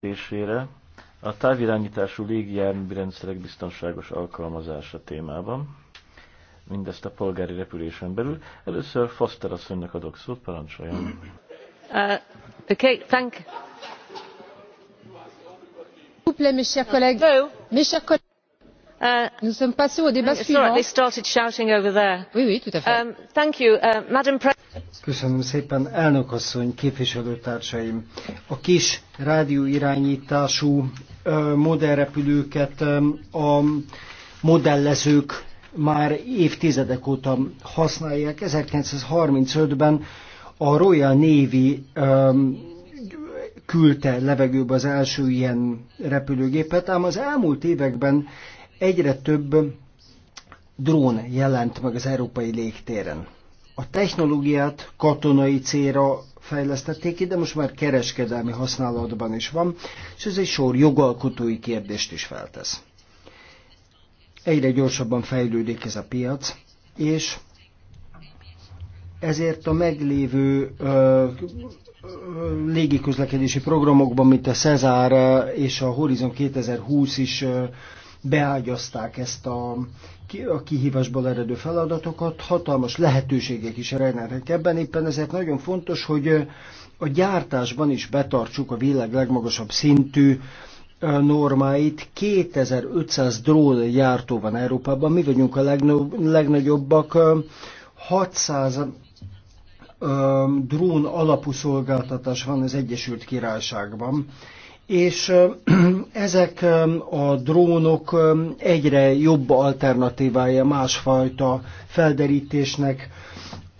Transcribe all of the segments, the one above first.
kérdésére a távirányítású légijármű rendszerek biztonságos alkalmazása témában, mindezt a polgári repülésen belül. Először Foster asszonynak adok szót, parancsoljon. Uh, okay, thank you. Uh, nous sommes passés au débat suivant. Oui, oui, tout à fait. Um, uh, Köszönöm szépen, elnök asszony, képviselőtársaim. A kis rádióirányítású modellrepülőket a modellezők már évtizedek óta használják. 1935-ben a Royal Navy küldte levegőbe az első ilyen repülőgépet, ám az elmúlt években Egyre több drón jelent meg az európai légtéren. A technológiát katonai célra fejlesztették ki, de most már kereskedelmi használatban is van, és ez egy sor jogalkotói kérdést is feltesz. Egyre gyorsabban fejlődik ez a piac, és ezért a meglévő ö, ö, légiközlekedési programokban, mint a Cezár és a Horizon 2020 is ö, beágyazták ezt a, a kihívásból eredő feladatokat, hatalmas lehetőségek is rejlenek ebben, éppen ezért nagyon fontos, hogy a gyártásban is betartsuk a világ legmagasabb szintű normáit. 2500 drón gyártó van Európában, mi vagyunk a legnagyobbak, 600 drón alapú szolgáltatás van az Egyesült Királyságban és ezek a drónok egyre jobb alternatívája másfajta felderítésnek.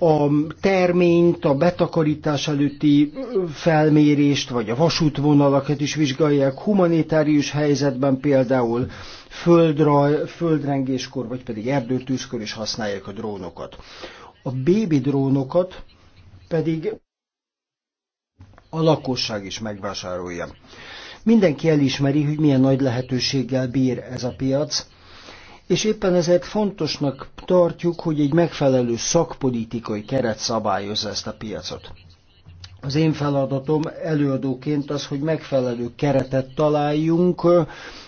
A terményt, a betakarítás előtti felmérést, vagy a vasútvonalakat is vizsgálják humanitárius helyzetben például földra, földrengéskor, vagy pedig erdőtűzkor is használják a drónokat. A bébi drónokat pedig a lakosság is megvásárolja. Mindenki elismeri, hogy milyen nagy lehetőséggel bír ez a piac, és éppen ezért fontosnak tartjuk, hogy egy megfelelő szakpolitikai keret szabályozza ezt a piacot. Az én feladatom előadóként az, hogy megfelelő keretet találjunk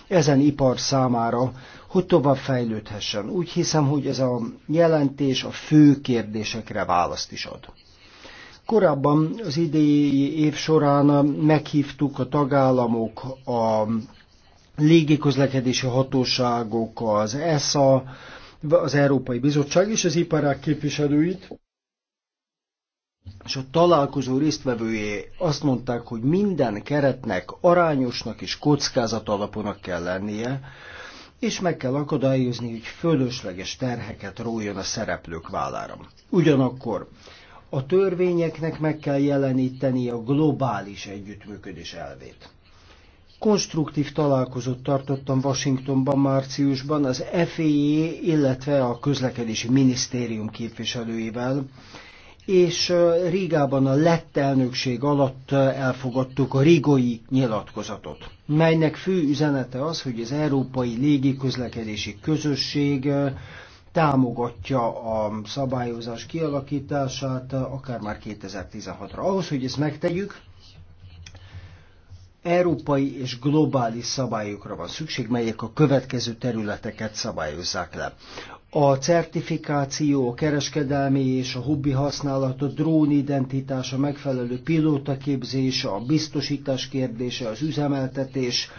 ezen ipar számára, hogy tovább fejlődhessen. Úgy hiszem, hogy ez a jelentés a fő kérdésekre választ is ad. Korábban az idei év során meghívtuk a tagállamok, a légiközlekedési hatóságok, az ESA, az Európai Bizottság és az iparák képviselőit, és a találkozó résztvevője azt mondták, hogy minden keretnek arányosnak és kockázat alapúnak kell lennie, és meg kell akadályozni, hogy fölösleges terheket rójon a szereplők vállára. Ugyanakkor a törvényeknek meg kell jeleníteni a globális együttműködés elvét. Konstruktív találkozót tartottam Washingtonban márciusban az FAA, illetve a közlekedési minisztérium képviselőivel, és Rigában a lett elnökség alatt elfogadtuk a rigói nyilatkozatot, melynek fő üzenete az, hogy az európai légiközlekedési közösség támogatja a szabályozás kialakítását, akár már 2016-ra. Ahhoz, hogy ezt megtegyük, európai és globális szabályokra van szükség, melyek a következő területeket szabályozzák le. A certifikáció, a kereskedelmi és a hobbi használat, a drón identitása, megfelelő pilótaképzés, a biztosítás kérdése, az üzemeltetés,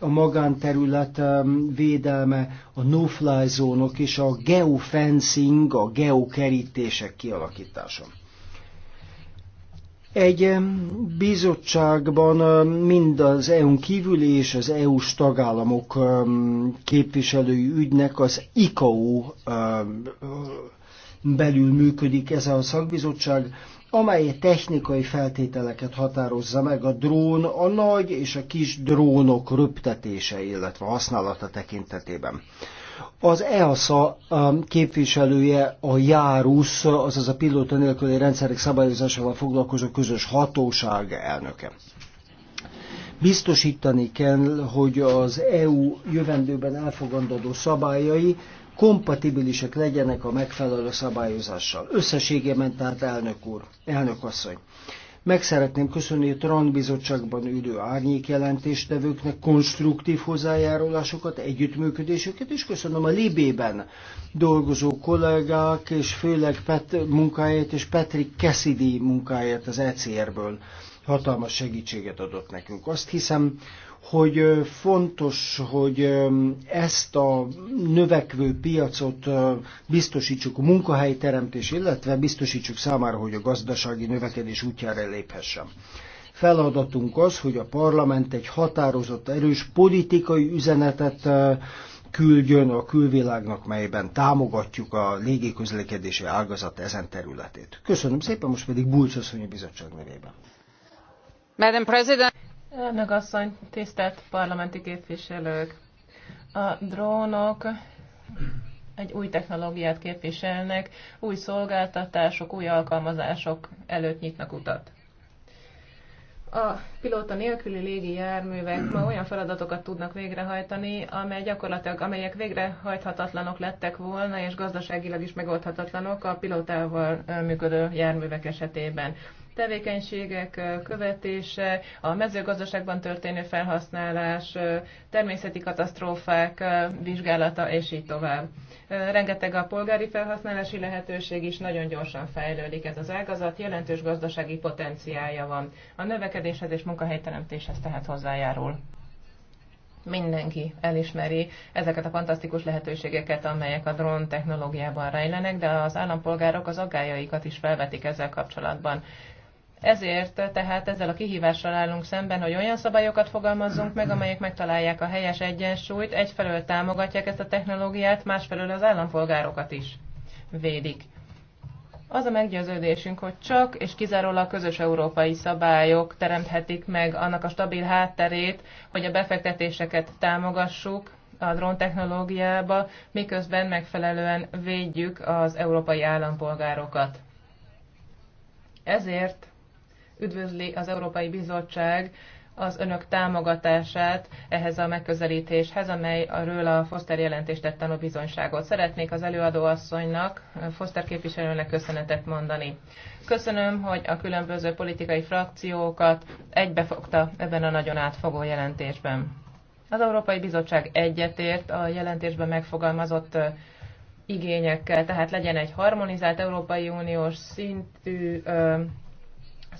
a magánterület védelme, a no-fly zónok és a geofencing, a geokerítések kialakítása. Egy bizottságban mind az EU-n kívüli és az EU-s tagállamok képviselői ügynek az ICAO belül működik ez a szakbizottság, amely technikai feltételeket határozza meg a drón, a nagy és a kis drónok röptetése, illetve használata tekintetében. Az EASA um, képviselője a JÁRUSZ, azaz a pilóta nélküli rendszerek szabályozásával foglalkozó közös hatóság elnöke. Biztosítani kell, hogy az EU jövendőben elfogadandó szabályai kompatibilisek legyenek a megfelelő szabályozással. Összességében tehát elnök úr, elnök asszony. Meg szeretném köszönni a Tran bizottságban ülő árnyék jelentéstevőknek konstruktív hozzájárulásokat, együttműködésüket, és köszönöm a Libében dolgozó kollégák, és főleg Pet munkáját és Patrick Cassidy munkáját az ECR-ből hatalmas segítséget adott nekünk. Azt hiszem, hogy fontos, hogy ezt a növekvő piacot biztosítsuk a munkahelyteremtés, illetve biztosítsuk számára, hogy a gazdasági növekedés útjára léphessen. Feladatunk az, hogy a parlament egy határozott, erős politikai üzenetet küldjön a külvilágnak, melyben támogatjuk a légiközlekedési ágazat ezen területét. Köszönöm szépen, most pedig Bulcs bizottság nevében. Madam President. Elnök asszony, tisztelt parlamenti képviselők! A drónok egy új technológiát képviselnek, új szolgáltatások, új alkalmazások előtt nyitnak utat. A pilóta nélküli légi járművek ma olyan feladatokat tudnak végrehajtani, amely gyakorlatilag, amelyek végrehajthatatlanok lettek volna, és gazdaságilag is megoldhatatlanok a pilótával működő járművek esetében tevékenységek követése, a mezőgazdaságban történő felhasználás, természeti katasztrófák vizsgálata, és így tovább. Rengeteg a polgári felhasználási lehetőség is, nagyon gyorsan fejlődik ez az ágazat, jelentős gazdasági potenciálja van. A növekedéshez és munkahelyteremtéshez tehát hozzájárul mindenki elismeri ezeket a fantasztikus lehetőségeket, amelyek a drón technológiában rejlenek, de az állampolgárok az aggájaikat is felvetik ezzel kapcsolatban. Ezért tehát ezzel a kihívással állunk szemben, hogy olyan szabályokat fogalmazzunk meg, amelyek megtalálják a helyes egyensúlyt, egyfelől támogatják ezt a technológiát, másfelől az állampolgárokat is védik. Az a meggyőződésünk, hogy csak és kizárólag közös európai szabályok teremthetik meg annak a stabil hátterét, hogy a befektetéseket támogassuk a drón technológiába, miközben megfelelően védjük az európai állampolgárokat. Ezért üdvözli az Európai Bizottság az önök támogatását ehhez a megközelítéshez, amely arról a Foster jelentést tett bizonyságot. Szeretnék az előadó asszonynak Foster képviselőnek köszönetet mondani. Köszönöm, hogy a különböző politikai frakciókat egybefogta ebben a nagyon átfogó jelentésben. Az Európai Bizottság egyetért a jelentésben megfogalmazott igényekkel, tehát legyen egy harmonizált Európai Uniós szintű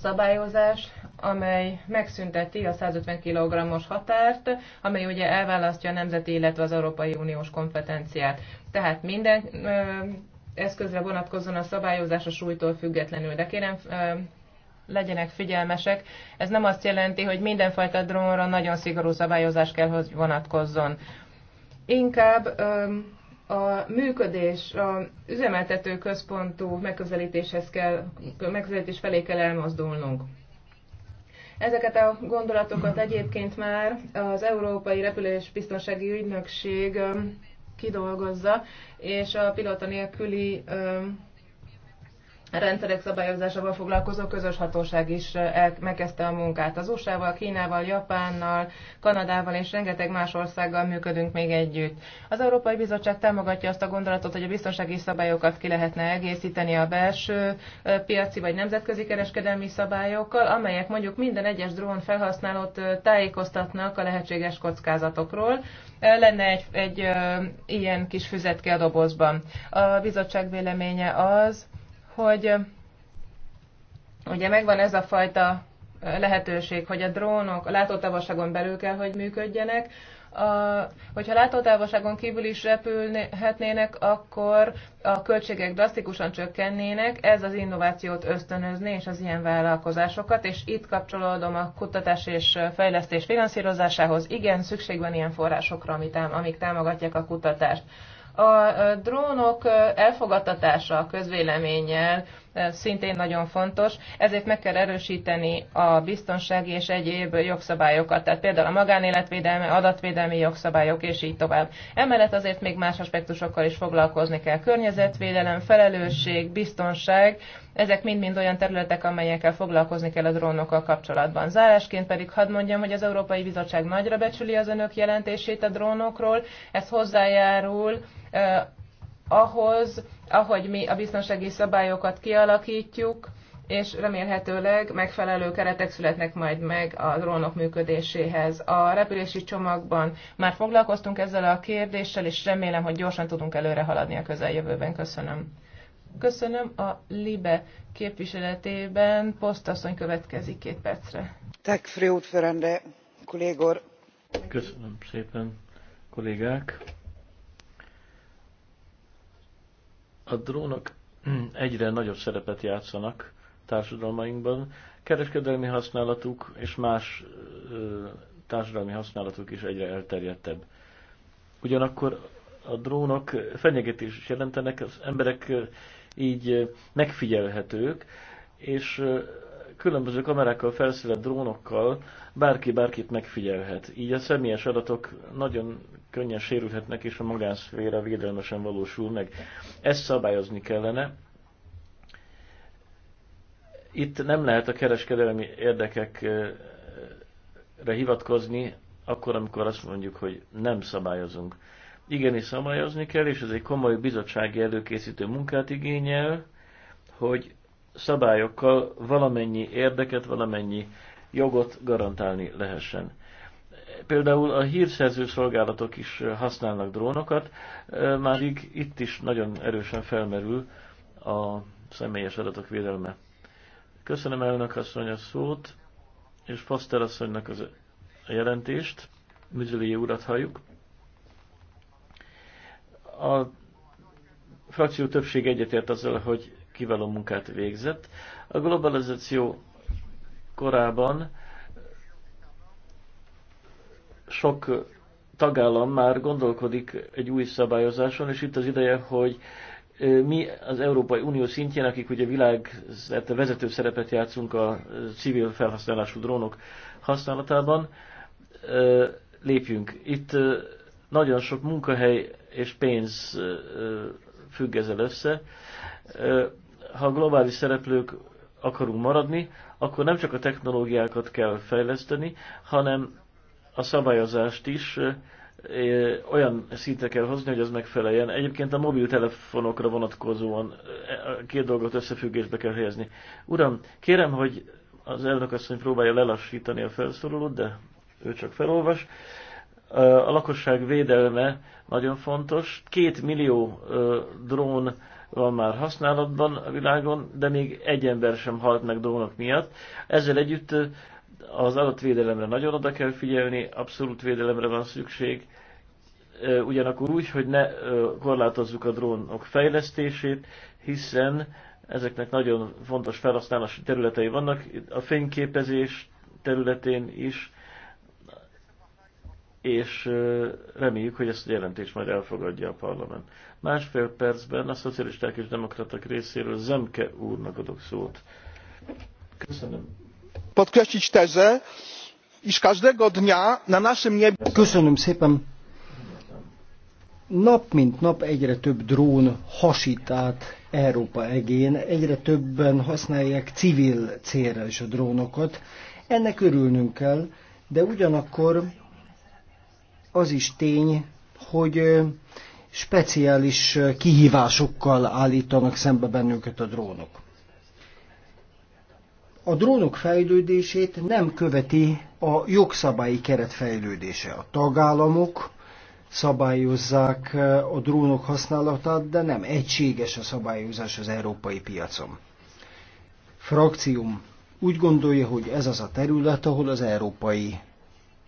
szabályozás, amely megszünteti a 150 kg-os határt, amely ugye elválasztja a nemzeti, illetve az Európai Uniós kompetenciát. Tehát minden ö, eszközre vonatkozzon a szabályozás a súlytól függetlenül. De kérem, ö, legyenek figyelmesek. Ez nem azt jelenti, hogy mindenfajta drónra nagyon szigorú szabályozás kell, hogy vonatkozzon. Inkább ö, a működés, a üzemeltető központú megközelítéshez kell, megközelítés felé kell elmozdulnunk. Ezeket a gondolatokat egyébként már az Európai Repülés Biztonsági Ügynökség kidolgozza, és a pilota nélküli rendszerek szabályozásával foglalkozó közös hatóság is megkezdte a munkát. Az USA-val, Kínával, Japánnal, Kanadával és rengeteg más országgal működünk még együtt. Az Európai Bizottság támogatja azt a gondolatot, hogy a biztonsági szabályokat ki lehetne egészíteni a belső piaci vagy nemzetközi kereskedelmi szabályokkal, amelyek mondjuk minden egyes drón felhasználót tájékoztatnak a lehetséges kockázatokról. Lenne egy, egy ilyen kis füzetke a dobozban. A bizottság véleménye az, hogy ugye megvan ez a fajta lehetőség, hogy a drónok a látótávolságon belül kell, hogy működjenek, a, hogyha látótávolságon kívül is repülhetnének, akkor a költségek drasztikusan csökkennének, ez az innovációt ösztönözni és az ilyen vállalkozásokat, és itt kapcsolódom a kutatás és fejlesztés finanszírozásához. Igen, szükség van ilyen forrásokra, amik támogatják a kutatást. A drónok elfogadtatása a közvéleménnyel szintén nagyon fontos, ezért meg kell erősíteni a biztonsági és egyéb jogszabályokat, tehát például a magánéletvédelmi, adatvédelmi jogszabályok és így tovább. Emellett azért még más aspektusokkal is foglalkozni kell. Környezetvédelem, felelősség, biztonság, ezek mind-mind olyan területek, amelyekkel foglalkozni kell a drónokkal kapcsolatban. Zárásként pedig hadd mondjam, hogy az Európai Bizottság nagyra becsüli az önök jelentését a drónokról, ez hozzájárul ahhoz, ahogy mi a biztonsági szabályokat kialakítjuk, és remélhetőleg megfelelő keretek születnek majd meg a drónok működéséhez. A repülési csomagban már foglalkoztunk ezzel a kérdéssel, és remélem, hogy gyorsan tudunk előre haladni a közeljövőben. Köszönöm. Köszönöm a LIBE képviseletében. Posztasszony következik két percre. Tak, fru ordförande, kollégor. Köszönöm szépen, kollégák. A drónok hmm, egyre nagyobb szerepet játszanak társadalmainkban. Kereskedelmi használatuk és más társadalmi használatuk is egyre elterjedtebb. Ugyanakkor a drónok fenyegetés is jelentenek, az emberek így megfigyelhetők, és különböző kamerákkal, felszerelt drónokkal bárki bárkit megfigyelhet. Így a személyes adatok nagyon könnyen sérülhetnek, és a magánszféra védelmesen valósul meg. Ezt szabályozni kellene. Itt nem lehet a kereskedelmi érdekekre hivatkozni, akkor, amikor azt mondjuk, hogy nem szabályozunk. Igenis szabályozni kell, és ez egy komoly bizottsági előkészítő munkát igényel, hogy szabályokkal valamennyi érdeket, valamennyi jogot garantálni lehessen. Például a hírszerző szolgálatok is használnak drónokat, már így itt is nagyon erősen felmerül a személyes adatok védelme. Köszönöm elnök asszony a szót, és Foster asszonynak az a jelentést. Müzelié urat halljuk. A frakció többség egyetért azzal, hogy kiváló munkát végzett. A globalizáció korában sok tagállam már gondolkodik egy új szabályozáson, és itt az ideje, hogy mi az Európai Unió szintjén, akik ugye világ vezető szerepet játszunk a civil felhasználású drónok használatában, lépjünk. Itt nagyon sok munkahely és pénz függ ezzel össze ha globális szereplők akarunk maradni, akkor nem csak a technológiákat kell fejleszteni, hanem a szabályozást is olyan szintre kell hozni, hogy az megfeleljen. Egyébként a mobiltelefonokra vonatkozóan két dolgot összefüggésbe kell helyezni. Uram, kérem, hogy az elnök asszony próbálja lelassítani a felszólalót, de ő csak felolvas. A lakosság védelme nagyon fontos. Két millió drón van már használatban a világon, de még egy ember sem halt meg drónok miatt. Ezzel együtt eh, az adatvédelemre nagyon oda kell figyelni, abszolút védelemre van szükség, eh, ugyanakkor úgy, hogy ne eh, korlátozzuk a drónok fejlesztését, hiszen ezeknek nagyon fontos felhasználási területei vannak, a fényképezés területén is, és reméljük, hogy ezt a jelentést majd elfogadja a parlament. Másfél percben a szocialisták és demokraták részéről Zemke úrnak adok szót. Köszönöm. Podkreślić tezę, iż każdego dnia na naszym niebie... Köszönöm szépen. Nap mint nap egyre több drón hasít át Európa egén, egyre többen használják civil célra is a drónokat. Ennek örülnünk kell, de ugyanakkor az is tény, hogy speciális kihívásokkal állítanak szembe bennünket a drónok. A drónok fejlődését nem követi a jogszabályi keret fejlődése. A tagállamok szabályozzák a drónok használatát, de nem egységes a szabályozás az európai piacon. Frakcióm úgy gondolja, hogy ez az a terület, ahol az európai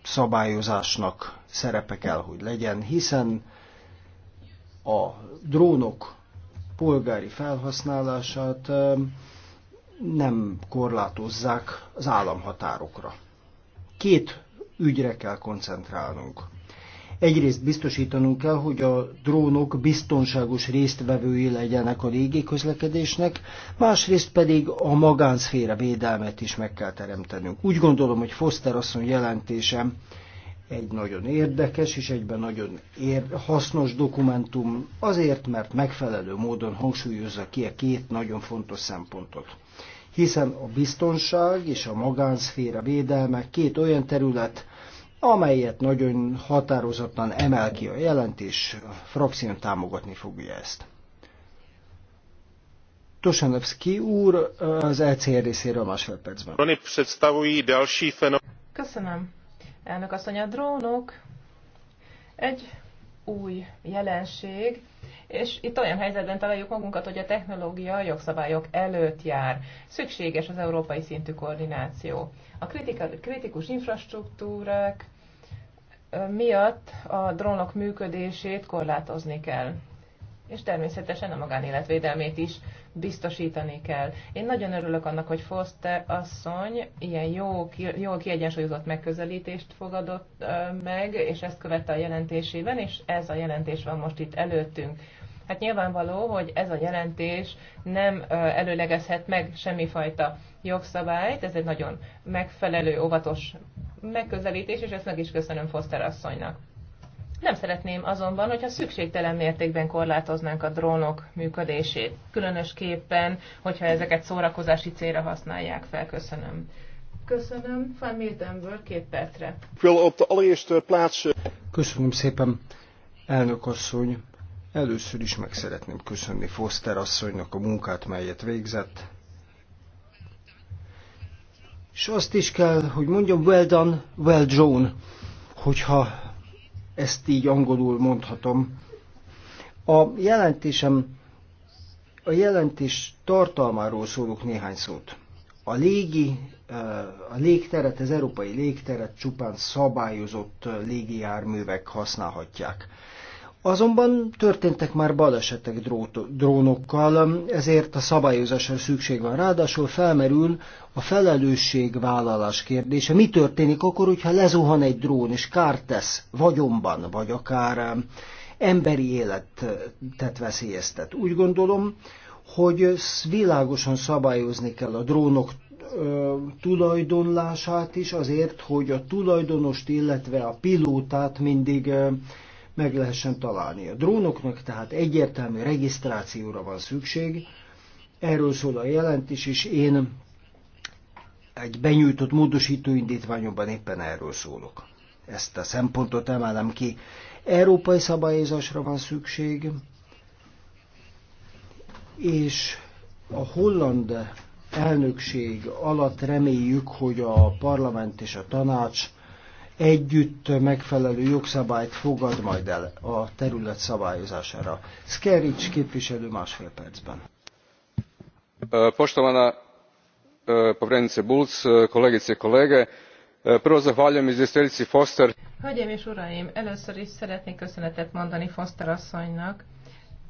szabályozásnak szerepe kell, hogy legyen, hiszen a drónok polgári felhasználását nem korlátozzák az államhatárokra. Két ügyre kell koncentrálnunk. Egyrészt biztosítanunk kell, hogy a drónok biztonságos résztvevői legyenek a régi közlekedésnek, másrészt pedig a magánszféra védelmet is meg kell teremtenünk. Úgy gondolom, hogy Foster asszony jelentésem egy nagyon érdekes és egyben nagyon ér- hasznos dokumentum, azért, mert megfelelő módon hangsúlyozza ki a két nagyon fontos szempontot. Hiszen a biztonság és a magánszféra védelme két olyan terület, amelyet nagyon határozottan emel ki a jelentés, a frakción támogatni fogja ezt. Tosanovski úr az ECR részéről másfél percben. Köszönöm. Elnök asszony, a drónok egy új jelenség, és itt olyan helyzetben találjuk magunkat, hogy a technológia a jogszabályok előtt jár. Szükséges az európai szintű koordináció. A kritika, kritikus infrastruktúrák, miatt a drónok működését korlátozni kell. És természetesen a magánéletvédelmét is biztosítani kell. Én nagyon örülök annak, hogy Foster asszony ilyen jó, jól kiegyensúlyozott megközelítést fogadott meg, és ezt követte a jelentésében, és ez a jelentés van most itt előttünk. Hát nyilvánvaló, hogy ez a jelentés nem előlegezhet meg semmifajta jogszabályt, ez egy nagyon megfelelő, óvatos megközelítés, és ezt meg is köszönöm Foster asszonynak. Nem szeretném azonban, hogyha szükségtelen mértékben korlátoznánk a drónok működését, különösképpen, hogyha ezeket szórakozási célra használják fel. Köszönöm. Köszönöm. Van Miltenből két percre. Eh, köszönöm szépen, elnök asszony. Először is meg szeretném köszönni Foster asszonynak a munkát, melyet végzett. És azt is kell, hogy mondjam, well done, well drawn, hogyha ezt így angolul mondhatom. A jelentésem, a jelentés tartalmáról szólok néhány szót. A légi, a légteret, az európai légteret csupán szabályozott járművek használhatják. Azonban történtek már balesetek drónokkal, ezért a szabályozásra szükség van. Ráadásul felmerül a felelősségvállalás kérdése. Mi történik akkor, hogyha lezuhan egy drón és kárt tesz vagyomban, vagy akár um, emberi életet veszélyeztet? Úgy gondolom, hogy világosan szabályozni kell a drónok tulajdonlását is azért, hogy a tulajdonost, illetve a pilótát mindig meg lehessen találni. A drónoknak tehát egyértelmű regisztrációra van szükség, erről szól a jelentés, és én egy benyújtott módosító indítványomban éppen erről szólok. Ezt a szempontot emelem ki. Európai szabályozásra van szükség, és a holland elnökség alatt reméljük, hogy a parlament és a tanács együtt megfelelő jogszabályt fogad majd el a terület szabályozására. Szkerics képviselő másfél percben. Poštovana povrednice Bulc, kolegice i kolege, prvo zahvaljujem izvjestiteljici Foster. Hölgyeim és uraim, először is szeretnék köszönetet mondani Foster asszonynak,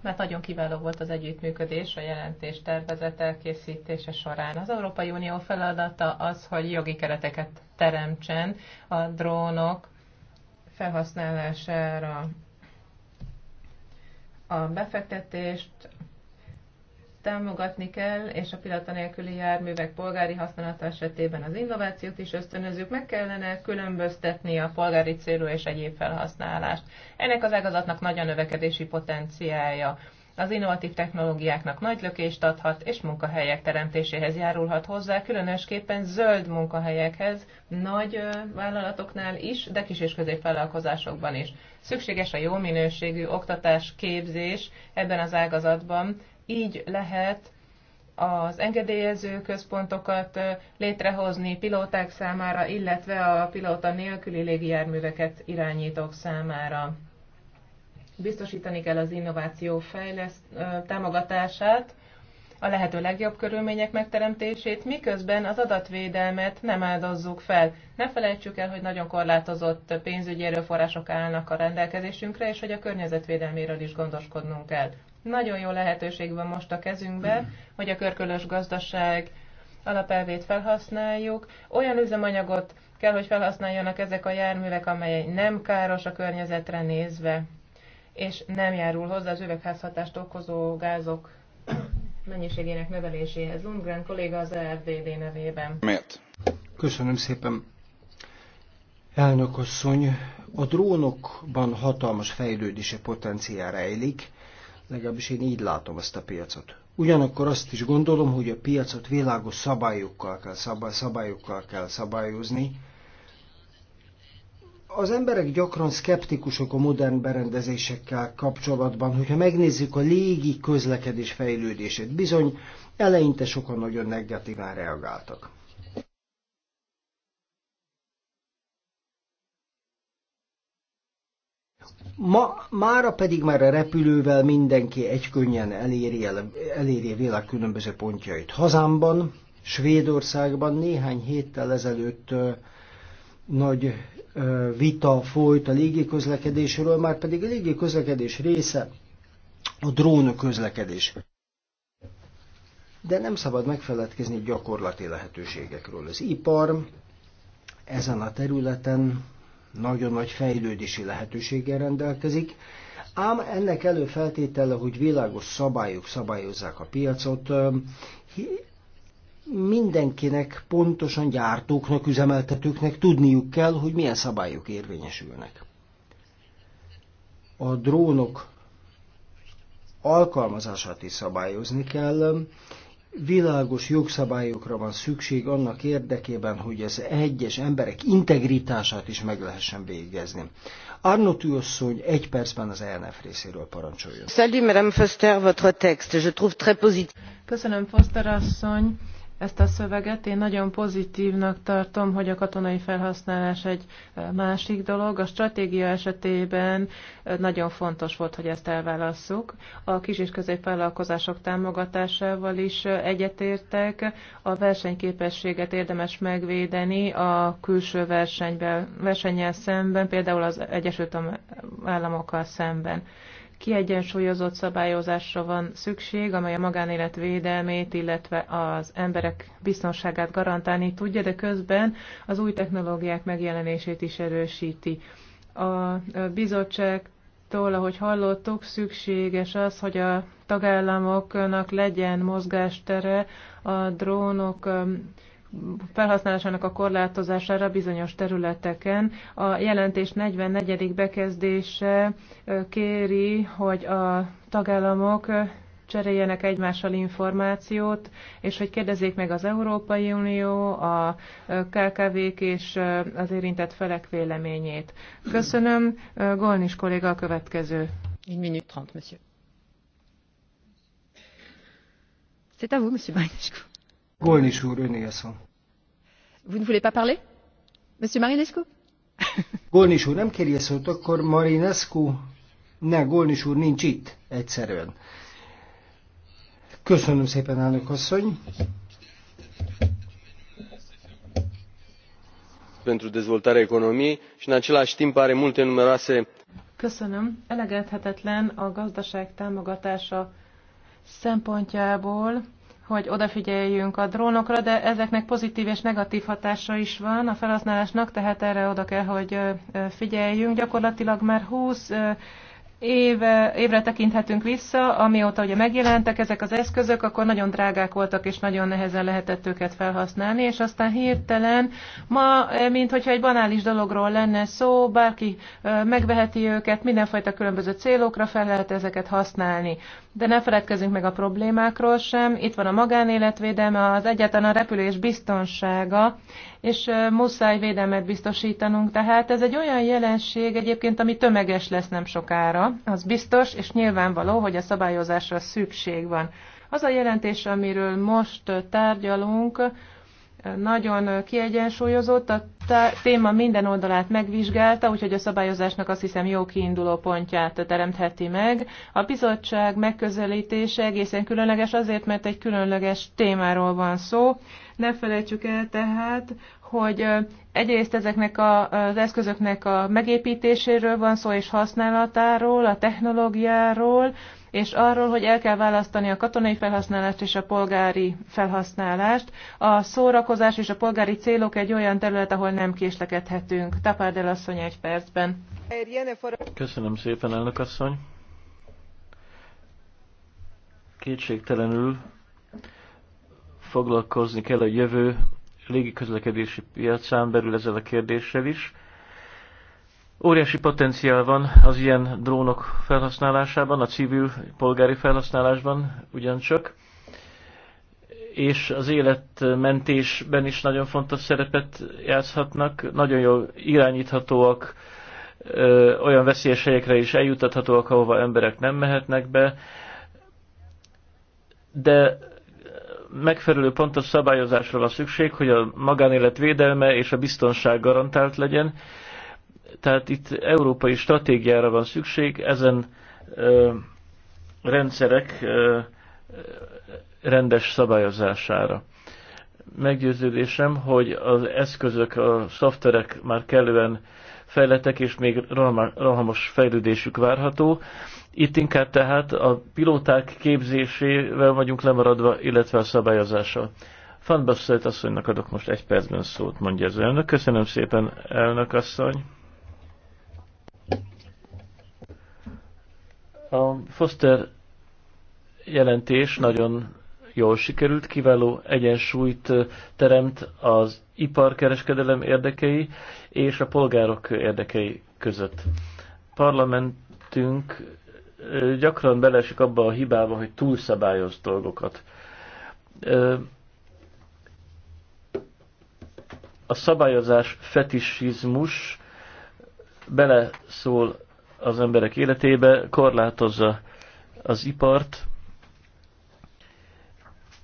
mert nagyon kiváló volt az együttműködés a jelentés tervezet elkészítése során. Az Európai Unió feladata az, hogy jogi kereteket teremtsen a drónok felhasználására. A befektetést, támogatni kell, és a pilata nélküli járművek polgári használata esetében az innovációt is ösztönözzük, meg kellene különböztetni a polgári célú és egyéb felhasználást. Ennek az ágazatnak nagy a növekedési potenciája az innovatív technológiáknak nagy lökést adhat, és munkahelyek teremtéséhez járulhat hozzá, különösképpen zöld munkahelyekhez, nagy vállalatoknál is, de kis és középvállalkozásokban is. Szükséges a jó minőségű oktatás, képzés ebben az ágazatban, így lehet az engedélyező központokat létrehozni pilóták számára, illetve a pilóta nélküli légijárműveket irányítók számára. Biztosítani kell az innováció fejleszt, támogatását, a lehető legjobb körülmények megteremtését, miközben az adatvédelmet nem áldozzuk fel. Ne felejtsük el, hogy nagyon korlátozott pénzügyi erőforrások állnak a rendelkezésünkre, és hogy a környezetvédelméről is gondoskodnunk kell. Nagyon jó lehetőség van most a kezünkben, hogy a körkölös gazdaság alapelvét felhasználjuk. Olyan üzemanyagot kell, hogy felhasználjanak ezek a járművek, amely nem káros a környezetre nézve, és nem járul hozzá az üvegházhatást okozó gázok mennyiségének növeléséhez. Lundgren kolléga az EFDD nevében. Miért? Köszönöm szépen. Elnök asszony, a drónokban hatalmas fejlődési potenciál rejlik, Legalábbis én így látom ezt a piacot. Ugyanakkor azt is gondolom, hogy a piacot világos szabályokkal kell, szabály, szabályokkal kell szabályozni. Az emberek gyakran szkeptikusok a modern berendezésekkel kapcsolatban, hogyha megnézzük a légi közlekedés fejlődését, bizony eleinte sokan nagyon negatívan reagáltak. Ma, mára pedig már a repülővel mindenki egykönnyen eléri, el, eléri a világ különböző pontjait. Hazámban, Svédországban néhány héttel ezelőtt ö, nagy ö, vita folyt a légiközlekedésről, már pedig a légiközlekedés része a drón közlekedés. De nem szabad megfeledkezni gyakorlati lehetőségekről. Az ipar ezen a területen nagyon nagy fejlődési lehetőséggel rendelkezik, ám ennek előfeltétele, hogy világos szabályok szabályozzák a piacot, mindenkinek, pontosan gyártóknak, üzemeltetőknek tudniuk kell, hogy milyen szabályok érvényesülnek. A drónok alkalmazását is szabályozni kell, Világos jogszabályokra van szükség annak érdekében, hogy az egyes emberek integritását is meg lehessen végezni. Arnaud asszony egy percben az ELNF részéről parancsoljon. Salut, Madame Foster, votre texte. Je trouve très positif. Köszönöm, Foster asszony ezt a szöveget. Én nagyon pozitívnak tartom, hogy a katonai felhasználás egy másik dolog. A stratégia esetében nagyon fontos volt, hogy ezt elválasszuk. A kis és középvállalkozások támogatásával is egyetértek. A versenyképességet érdemes megvédeni a külső versenyben, versennyel szemben, például az Egyesült Államokkal szemben kiegyensúlyozott szabályozásra van szükség, amely a magánélet védelmét, illetve az emberek biztonságát garantálni tudja, de közben az új technológiák megjelenését is erősíti. A bizottságtól, ahogy hallottuk, szükséges az, hogy a tagállamoknak legyen mozgástere a drónok felhasználásának a korlátozására bizonyos területeken. A jelentés 44. bekezdése kéri, hogy a tagállamok cseréljenek egymással információt, és hogy kérdezzék meg az Európai Unió, a KKV-k és az érintett felek véleményét. Köszönöm. Golnis kolléga a következő. 1 minute 30, monsieur. C'est à vous, monsieur Marinescu. Golnis úr, öné a Vous ne voulez pas parler? Monsieur Marinescu? Golnis úr nem kérje szót, akkor Marinescu... Ne, Golnis úr nincs itt egyszerűen. Köszönöm szépen, elnök asszony. pentru dezvoltarea economiei și în același timp are multe numeroase Köszönöm. Elegedhetetlen a gazdaság támogatása szempontjából hogy odafigyeljünk a drónokra, de ezeknek pozitív és negatív hatása is van a felhasználásnak, tehát erre oda kell, hogy figyeljünk. Gyakorlatilag már 20 éve, évre tekinthetünk vissza, amióta ugye megjelentek ezek az eszközök, akkor nagyon drágák voltak, és nagyon nehezen lehetett őket felhasználni, és aztán hirtelen ma, mint hogyha egy banális dologról lenne szó, bárki megveheti őket, mindenfajta különböző célokra fel lehet ezeket használni de ne feledkezzünk meg a problémákról sem. Itt van a magánéletvédelme, az egyetlen a repülés biztonsága, és muszáj védelmet biztosítanunk. Tehát ez egy olyan jelenség egyébként, ami tömeges lesz nem sokára. Az biztos, és nyilvánvaló, hogy a szabályozásra szükség van. Az a jelentés, amiről most tárgyalunk, nagyon kiegyensúlyozott, a téma minden oldalát megvizsgálta, úgyhogy a szabályozásnak azt hiszem jó kiinduló pontját teremtheti meg. A bizottság megközelítése egészen különleges azért, mert egy különleges témáról van szó. Ne felejtsük el tehát, hogy egyrészt ezeknek az eszközöknek a megépítéséről van szó és használatáról, a technológiáról, és arról, hogy el kell választani a katonai felhasználást és a polgári felhasználást. A szórakozás és a polgári célok egy olyan terület, ahol nem késlekedhetünk. Tapárdel asszony egy percben. Köszönöm szépen, elnök asszony. Kétségtelenül foglalkozni kell a jövő légiközlekedési piacán belül ezzel a kérdéssel is Óriási potenciál van az ilyen drónok felhasználásában, a civil polgári felhasználásban ugyancsak, és az életmentésben is nagyon fontos szerepet játszhatnak, nagyon jól irányíthatóak, ö, olyan veszélyes helyekre is eljutathatóak, ahova emberek nem mehetnek be, de megfelelő pontos szabályozásra van szükség, hogy a magánélet védelme és a biztonság garantált legyen, tehát itt európai stratégiára van szükség, ezen ö, rendszerek ö, rendes szabályozására. Meggyőződésem, hogy az eszközök, a szoftverek már kellően fejletek, és még rohamos fejlődésük várható. Itt inkább tehát a pilóták képzésével vagyunk lemaradva, illetve a szabályozással. Van Basszelt asszonynak adok most egy percben szót, mondja az elnök. Köszönöm szépen, elnök asszony. A Foster jelentés nagyon jól sikerült, kiváló egyensúlyt teremt az iparkereskedelem érdekei és a polgárok érdekei között. Parlamentünk gyakran belesik abba a hibába, hogy túlszabályoz dolgokat. A szabályozás fetisizmus beleszól az emberek életébe, korlátozza az ipart.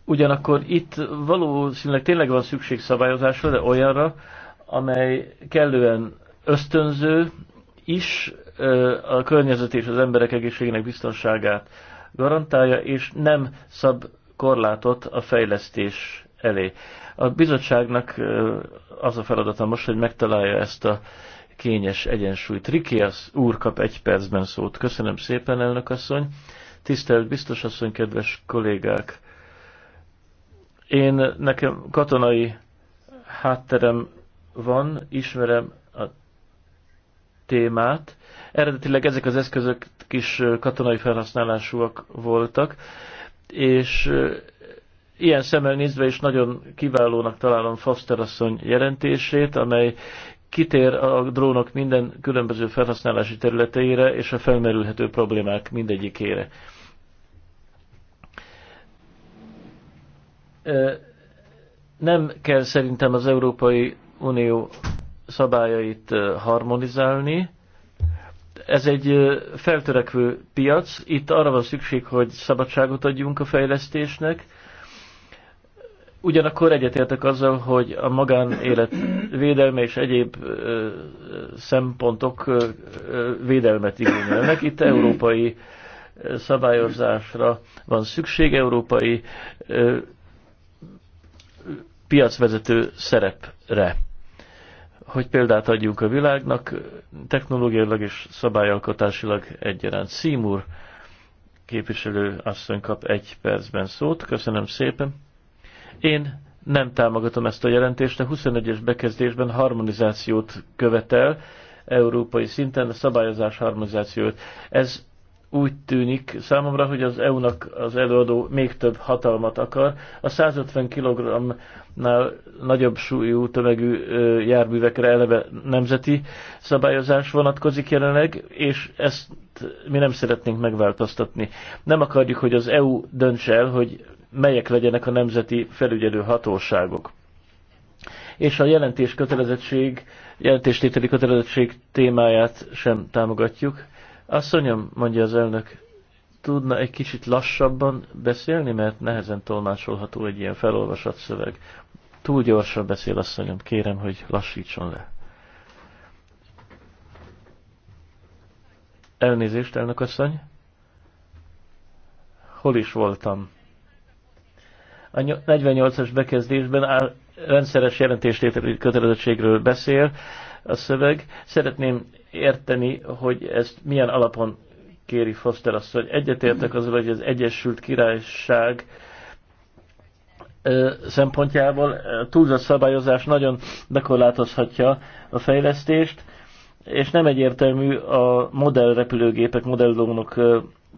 Ugyanakkor itt valószínűleg tényleg van szükség szabályozásra, de olyanra, amely kellően ösztönző is a környezet és az emberek egészségének biztonságát garantálja, és nem szab korlátot a fejlesztés elé. A bizottságnak az a feladata most, hogy megtalálja ezt a kényes egyensúlyt. Rikiasz úr kap egy percben szót. Köszönöm szépen, elnök asszony. Tisztelt biztos asszony, kedves kollégák! Én nekem katonai hátterem van, ismerem a témát. Eredetileg ezek az eszközök kis katonai felhasználásúak voltak, és ilyen szemmel nézve is nagyon kiválónak találom Foster asszony jelentését, amely kitér a drónok minden különböző felhasználási területeire és a felmerülhető problémák mindegyikére. Nem kell szerintem az Európai Unió szabályait harmonizálni. Ez egy feltörekvő piac, itt arra van szükség, hogy szabadságot adjunk a fejlesztésnek, Ugyanakkor egyetértek azzal, hogy a magánélet védelme és egyéb ö, szempontok ö, védelmet igényelnek. Itt európai szabályozásra van szükség, európai ö, piacvezető szerepre. Hogy példát adjunk a világnak, technológiailag és szabályalkotásilag egyaránt. Szímur képviselő asszony kap egy percben szót. Köszönöm szépen. Én nem támogatom ezt a jelentést, A 21-es bekezdésben harmonizációt követel európai szinten, a szabályozás harmonizációt. Ez úgy tűnik számomra, hogy az EU-nak az előadó még több hatalmat akar. A 150 kg-nál nagyobb súlyú tömegű járművekre eleve nemzeti szabályozás vonatkozik jelenleg, és ezt mi nem szeretnénk megváltoztatni. Nem akarjuk, hogy az EU dönts el, hogy melyek legyenek a nemzeti felügyelő hatóságok. És a jelentés kötelezettség, jelentéstételi kötelezettség témáját sem támogatjuk. Asszonyom, mondja az elnök, tudna egy kicsit lassabban beszélni, mert nehezen tolmácsolható egy ilyen felolvasat szöveg. Túl gyorsan beszél, asszonyom, kérem, hogy lassítson le. Elnézést, elnök asszony. Hol is voltam? a 48-as bekezdésben áll, rendszeres jelentéstételi kötelezettségről beszél a szöveg. Szeretném érteni, hogy ezt milyen alapon kéri Foster azt, hogy egyetértek azzal, hogy az Egyesült Királyság szempontjából túlzott szabályozás nagyon bekorlátozhatja a fejlesztést, és nem egyértelmű a modell repülőgépek, modellónok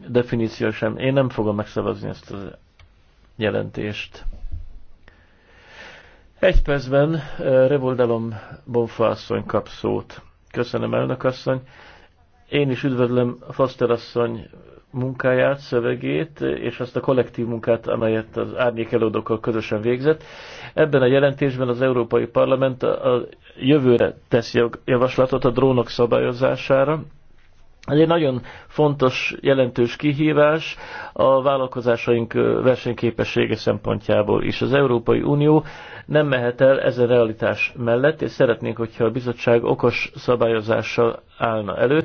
definíció sem. Én nem fogom megszavazni ezt az jelentést. Egy percben Revoldalom Bonfa asszony kap szót. Köszönöm, elnök asszony. Én is üdvözlöm a Foster asszony munkáját, szövegét, és azt a kollektív munkát, amelyet az árnyék előadókkal közösen végzett. Ebben a jelentésben az Európai Parlament a jövőre tesz javaslatot a drónok szabályozására, ez egy nagyon fontos, jelentős kihívás a vállalkozásaink versenyképessége szempontjából is. Az Európai Unió nem mehet el ezen realitás mellett, és szeretnénk, hogyha a bizottság okos szabályozással állna elő.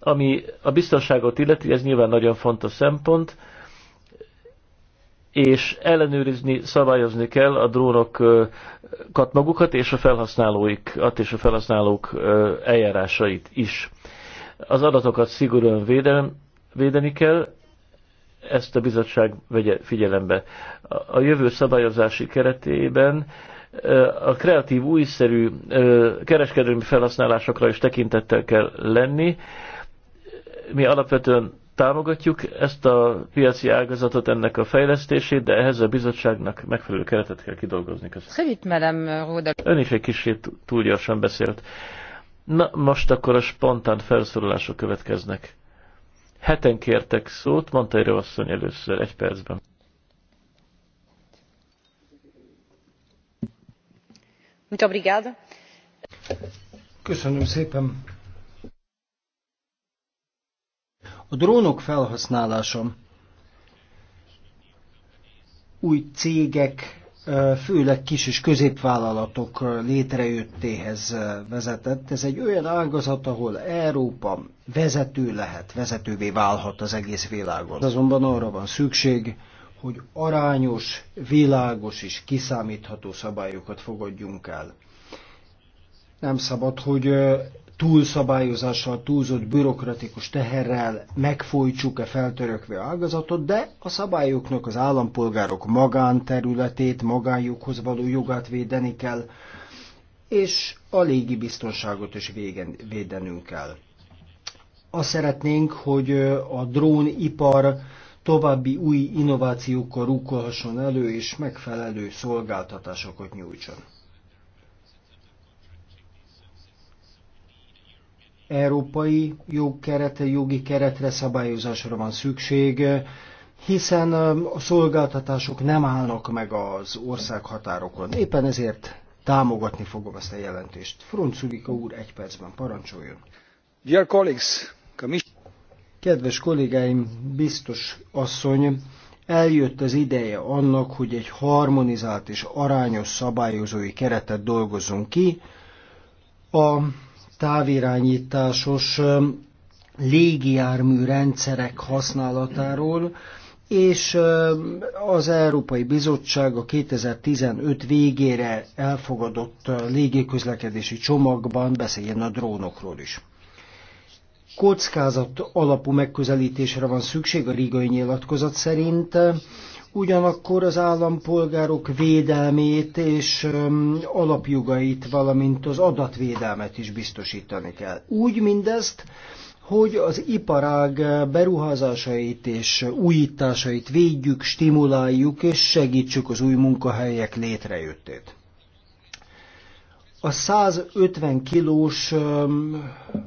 Ami a biztonságot illeti, ez nyilván nagyon fontos szempont, és ellenőrizni, szabályozni kell a drónokat magukat, és a felhasználóikat, és a felhasználók eljárásait is az adatokat szigorúan védelem, védeni kell, ezt a bizottság vegye figyelembe. A jövő szabályozási keretében a kreatív, újszerű kereskedelmi felhasználásokra is tekintettel kell lenni. Mi alapvetően támogatjuk ezt a piaci ágazatot, ennek a fejlesztését, de ehhez a bizottságnak megfelelő keretet kell kidolgozni. Köszönöm. Ön is egy kicsit túl gyorsan beszélt. Na, most akkor a spontán felszólalások következnek. Heten kértek szót, mondta egy asszony először, egy percben. Köszönöm szépen. A drónok felhasználása új cégek főleg kis és középvállalatok létrejöttéhez eh, vezetett. Ez egy olyan ágazat, ahol Európa vezető lehet, vezetővé válhat az egész világon. Azonban arra van szükség, hogy arányos, világos és kiszámítható szabályokat fogadjunk el. Nem szabad, hogy eh, túlszabályozással, túlzott bürokratikus teherrel megfojtsuk-e feltörökve ágazatot, de a szabályoknak az állampolgárok magánterületét, magánjukhoz való jogát védeni kell, és a légi biztonságot is végen, védenünk kell. Azt szeretnénk, hogy a drónipar további új innovációkkal rúkolhasson elő, és megfelelő szolgáltatásokat nyújtson. európai jogkeret, jogi keretre, szabályozásra van szükség, hiszen um, a szolgáltatások nem állnak meg az ország határokon. Éppen ezért támogatni fogom ezt a jelentést. Froncuvika úr egy percben parancsoljon. Dear colleagues, Kedves kollégáim, biztos asszony, eljött az ideje annak, hogy egy harmonizált és arányos szabályozói keretet dolgozzunk ki. A távirányításos légijármű rendszerek használatáról, és az Európai Bizottság a 2015 végére elfogadott légiközlekedési csomagban beszéljen a drónokról is. Kockázat alapú megközelítésre van szükség a rigai nyilatkozat szerint, ugyanakkor az állampolgárok védelmét és alapjogait, valamint az adatvédelmet is biztosítani kell. Úgy mindezt, hogy az iparág beruházásait és újításait védjük, stimuláljuk és segítsük az új munkahelyek létrejöttét a 150 kilós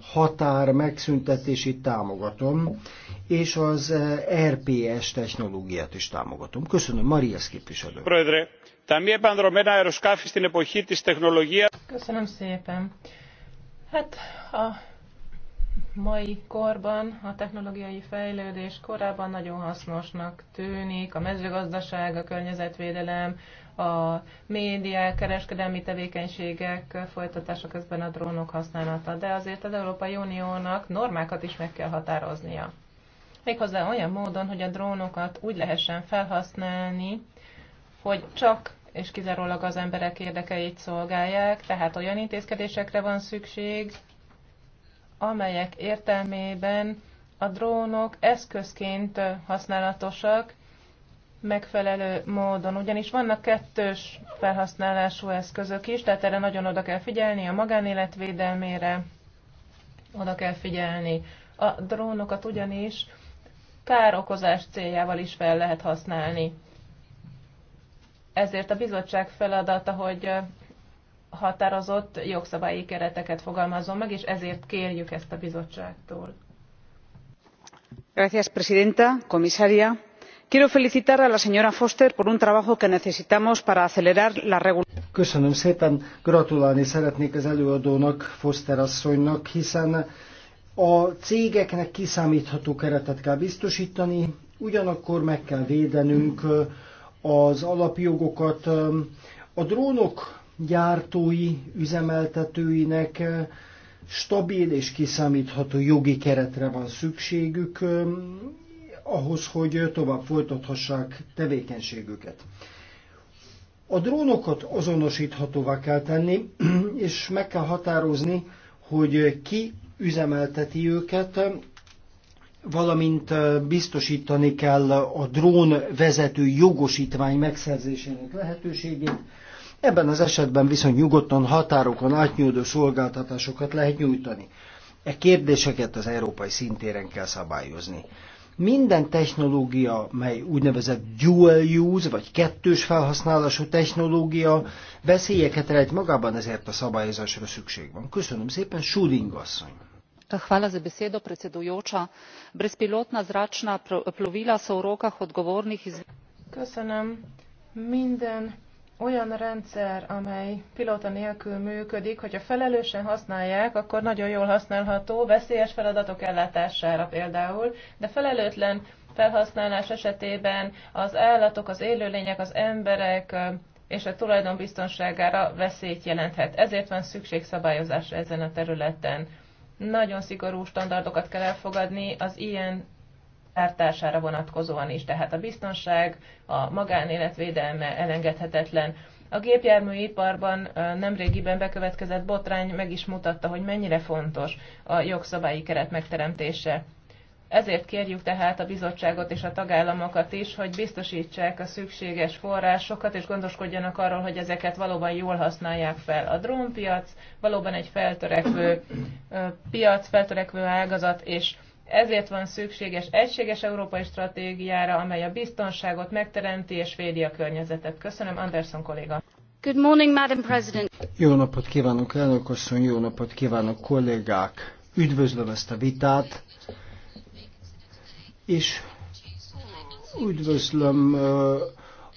határ megszüntetését támogatom, és az RPS er technológiát is támogatom. Köszönöm, Maria képviselő. Köszönöm szépen. Hát a mai korban a technológiai fejlődés korában nagyon hasznosnak tűnik, a mezőgazdaság, a környezetvédelem, a média, kereskedelmi tevékenységek folytatása közben a drónok használata, de azért az Európai Uniónak normákat is meg kell határoznia. Méghozzá olyan módon, hogy a drónokat úgy lehessen felhasználni, hogy csak és kizárólag az emberek érdekeit szolgálják, tehát olyan intézkedésekre van szükség, amelyek értelmében a drónok eszközként használatosak, megfelelő módon. Ugyanis vannak kettős felhasználású eszközök is, tehát erre nagyon oda kell figyelni, a magánélet védelmére oda kell figyelni. A drónokat ugyanis károkozás céljával is fel lehet használni. Ezért a bizottság feladata, hogy határozott jogszabályi kereteket fogalmazom meg, és ezért kérjük ezt a bizottságtól. Gracias, presidenta, comisaria quiero felicitar a la señora foster por un trabajo que necesitamos para acelerar la Köszönöm szépen, gratulálni szeretnék az előadónak, Foster asszonynak, hiszen a cégeknek kiszámítható keretet kell biztosítani, ugyanakkor meg kell védenünk az alapjogokat. A drónok gyártói, üzemeltetőinek stabil és kiszámítható jogi keretre van szükségük, ahhoz, hogy tovább folytathassák tevékenységüket. A drónokat azonosíthatóvá kell tenni, és meg kell határozni, hogy ki üzemelteti őket, valamint biztosítani kell a drón vezető jogosítvány megszerzésének lehetőségét. Ebben az esetben viszont nyugodtan határokon átnyúló szolgáltatásokat lehet nyújtani. E kérdéseket az európai szintéren kell szabályozni. Minden technológia, mely úgynevezett dual use, vagy kettős felhasználású technológia veszélyeket rejt magában, ezért a szabályozásra szükség van. Köszönöm szépen, Suding asszony! brezpilotna zračna plovila so v rokah odgovornih. minden olyan rendszer, amely pilóta nélkül működik, hogyha felelősen használják, akkor nagyon jól használható, veszélyes feladatok ellátására például, de felelőtlen felhasználás esetében az állatok, az élőlények, az emberek és a tulajdon biztonságára veszélyt jelenthet. Ezért van szükség szabályozásra ezen a területen. Nagyon szigorú standardokat kell elfogadni az ilyen ártására vonatkozóan is. Tehát a biztonság, a magánélet védelme elengedhetetlen. A gépjárműiparban nemrégiben bekövetkezett botrány meg is mutatta, hogy mennyire fontos a jogszabályi keret megteremtése. Ezért kérjük tehát a bizottságot és a tagállamokat is, hogy biztosítsák a szükséges forrásokat, és gondoskodjanak arról, hogy ezeket valóban jól használják fel. A drónpiac valóban egy feltörekvő piac, feltörekvő ágazat, és ezért van szükséges egységes európai stratégiára, amely a biztonságot megteremti és védi a környezetet. Köszönöm, Anderson kolléga. Good morning, Madam President. Jó napot kívánok, elnök asszony, jó napot kívánok, kollégák. Üdvözlöm ezt a vitát, és üdvözlöm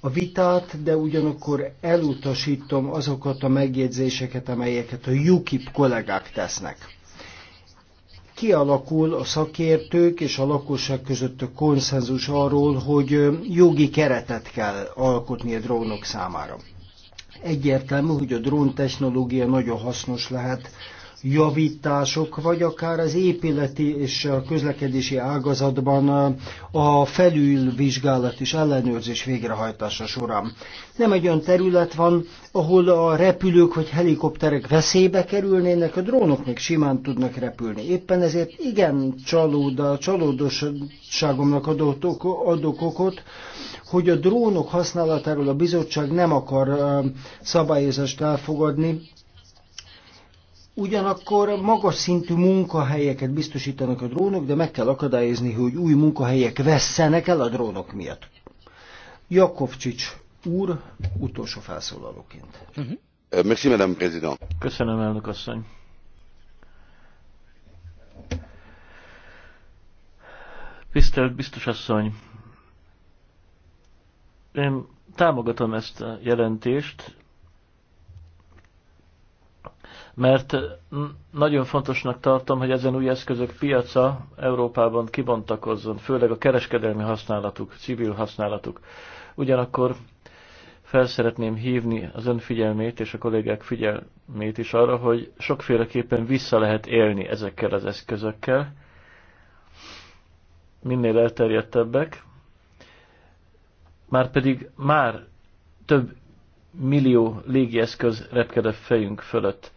a vitát, de ugyanakkor elutasítom azokat a megjegyzéseket, amelyeket a UKIP kollégák tesznek kialakul a szakértők és a lakosság között a konszenzus arról, hogy jogi keretet kell alkotni a drónok számára. Egyértelmű, hogy a drón technológia nagyon hasznos lehet javítások, vagy akár az épületi és a közlekedési ágazatban a felülvizsgálat és ellenőrzés végrehajtása során. Nem egy olyan terület van, ahol a repülők vagy helikopterek veszélybe kerülnének, a drónok még simán tudnak repülni. Éppen ezért igen csalóda, csalódosságomnak ok, adok okot, hogy a drónok használatáról a bizottság nem akar szabályozást elfogadni, Ugyanakkor magas szintű munkahelyeket biztosítanak a drónok, de meg kell akadályozni, hogy új munkahelyek vesszenek el a drónok miatt. Jakovcsics úr, utolsó felszólalóként. Uh-huh. Merci, président. Köszönöm, elnök asszony. Tisztelt biztos asszony, én támogatom ezt a jelentést, mert nagyon fontosnak tartom, hogy ezen új eszközök piaca Európában kibontakozzon, főleg a kereskedelmi használatuk, civil használatuk. Ugyanakkor felszeretném hívni az ön figyelmét és a kollégák figyelmét is arra, hogy sokféleképpen vissza lehet élni ezekkel az eszközökkel, minél elterjedtebbek, pedig már több millió légieszköz repked a fejünk fölött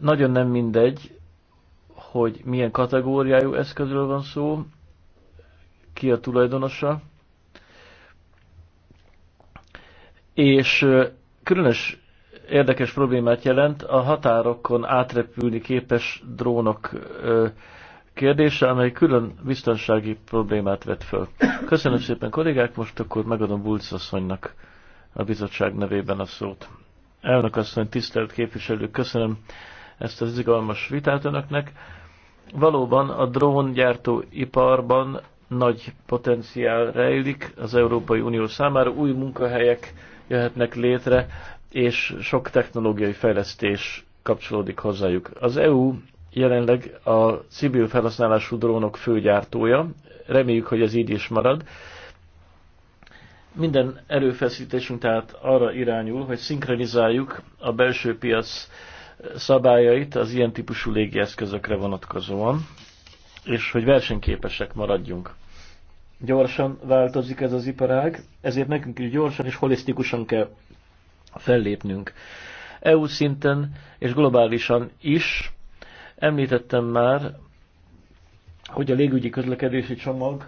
nagyon nem mindegy, hogy milyen kategóriájú eszközről van szó, ki a tulajdonosa, és különös érdekes problémát jelent a határokon átrepülni képes drónok kérdése, amely külön biztonsági problémát vet föl. Köszönöm szépen kollégák, most akkor megadom Bulc asszonynak a bizottság nevében a szót. Elnök asszony, tisztelt képviselők, köszönöm ezt az izgalmas vitát önöknek. Valóban a dróngyártó iparban nagy potenciál rejlik az Európai Unió számára, új munkahelyek jöhetnek létre, és sok technológiai fejlesztés kapcsolódik hozzájuk. Az EU jelenleg a civil felhasználású drónok főgyártója, reméljük, hogy ez így is marad. Minden erőfeszítésünk tehát arra irányul, hogy szinkronizáljuk a belső piac szabályait az ilyen típusú légieszközökre vonatkozóan, és hogy versenyképesek maradjunk. Gyorsan változik ez az iparág, ezért nekünk is gyorsan és holisztikusan kell fellépnünk. EU szinten és globálisan is említettem már, hogy a légügyi közlekedési csomag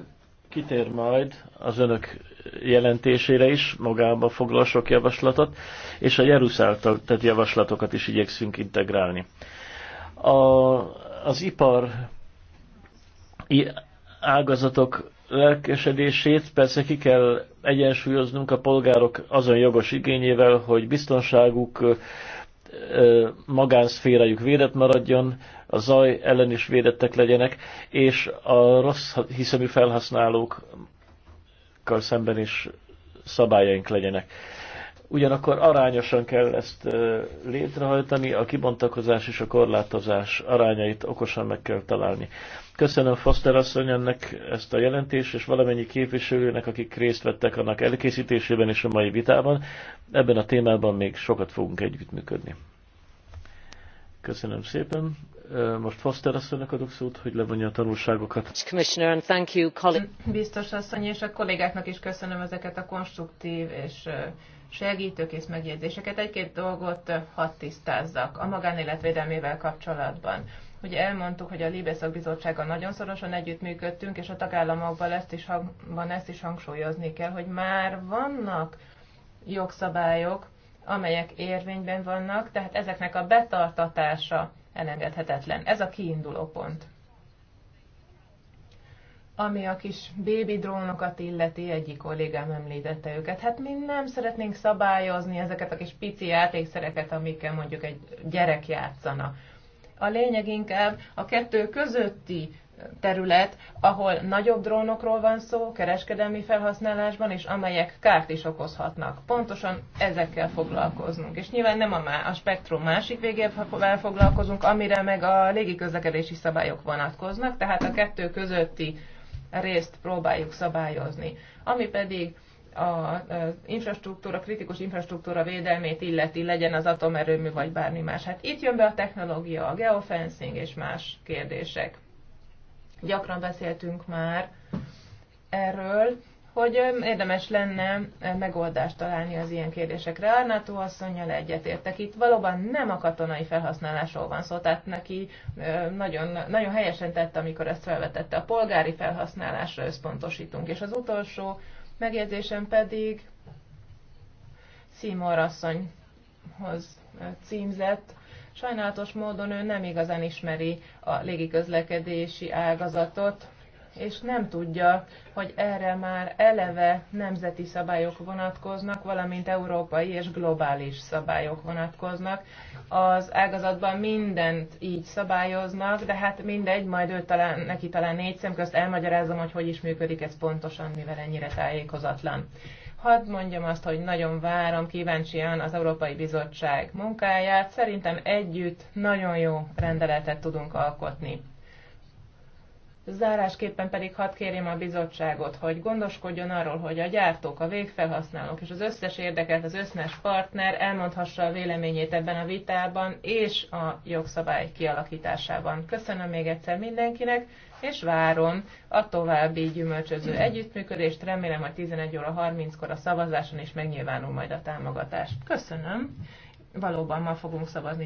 kitér majd az önök jelentésére is, magába foglal sok javaslatot, és a Jerus tett javaslatokat is igyekszünk integrálni. A, az ipar ágazatok lelkesedését persze ki kell egyensúlyoznunk a polgárok azon jogos igényével, hogy biztonságuk, magánszférájuk védett maradjon, a zaj ellen is védettek legyenek, és a rossz hiszemű felhasználókkal szemben is szabályaink legyenek. Ugyanakkor arányosan kell ezt létrehajtani, a kibontakozás és a korlátozás arányait okosan meg kell találni. Köszönöm Foster asszony ennek ezt a jelentést, és valamennyi képviselőnek, akik részt vettek annak elkészítésében és a mai vitában. Ebben a témában még sokat fogunk együttműködni. Köszönöm szépen. Most Foster asszonynak adok szót, hogy levonja a tanulságokat. Biztos asszony, és a kollégáknak is köszönöm ezeket a konstruktív és segítőkész megjegyzéseket. Egy-két dolgot hadd tisztázzak a magánéletvédelmével kapcsolatban Ugye elmondtuk, hogy a Libeszak Bizottsággal nagyon szorosan együttműködtünk, és a tagállamokban ezt is, hang, ezt is hangsúlyozni kell, hogy már vannak jogszabályok, amelyek érvényben vannak, tehát ezeknek a betartatása elengedhetetlen. Ez a kiinduló pont. Ami a kis bébi drónokat illeti, egyik kollégám említette őket. Hát mi nem szeretnénk szabályozni ezeket a kis pici játékszereket, amikkel mondjuk egy gyerek játszana a lényeg inkább a kettő közötti terület, ahol nagyobb drónokról van szó, kereskedelmi felhasználásban, és amelyek kárt is okozhatnak. Pontosan ezekkel foglalkoznunk. És nyilván nem a, má, a spektrum másik végével foglalkozunk, amire meg a légiközlekedési szabályok vonatkoznak, tehát a kettő közötti részt próbáljuk szabályozni. Ami pedig az infrastruktúra, kritikus infrastruktúra védelmét illeti, legyen az atomerőmű vagy bármi más. Hát itt jön be a technológia, a geofencing és más kérdések. Gyakran beszéltünk már erről, hogy érdemes lenne megoldást találni az ilyen kérdésekre. Arnátó asszonynal egyetértek. Itt valóban nem a katonai felhasználásról van szó, tehát neki nagyon, nagyon helyesen tette, amikor ezt felvetette. A polgári felhasználásra összpontosítunk. És az utolsó Megjegyzésem pedig Seymour asszonyhoz címzett. Sajnálatos módon ő nem igazán ismeri a légiközlekedési ágazatot, és nem tudja, hogy erre már eleve nemzeti szabályok vonatkoznak, valamint európai és globális szabályok vonatkoznak. Az ágazatban mindent így szabályoznak, de hát mindegy, majd ő talán, neki talán négy szem közt elmagyarázom, hogy hogy is működik ez pontosan, mivel ennyire tájékozatlan. Hadd mondjam azt, hogy nagyon várom kíváncsian az Európai Bizottság munkáját. Szerintem együtt nagyon jó rendeletet tudunk alkotni. Zárásképpen pedig hadd kérjem a bizottságot, hogy gondoskodjon arról, hogy a gyártók, a végfelhasználók és az összes érdekelt, az összes partner elmondhassa a véleményét ebben a vitában és a jogszabály kialakításában. Köszönöm még egyszer mindenkinek, és várom a további gyümölcsöző együttműködést. Remélem, hogy 11 óra 30-kor a szavazáson is megnyilvánul majd a támogatás. Köszönöm. Valóban ma fogunk szavazni.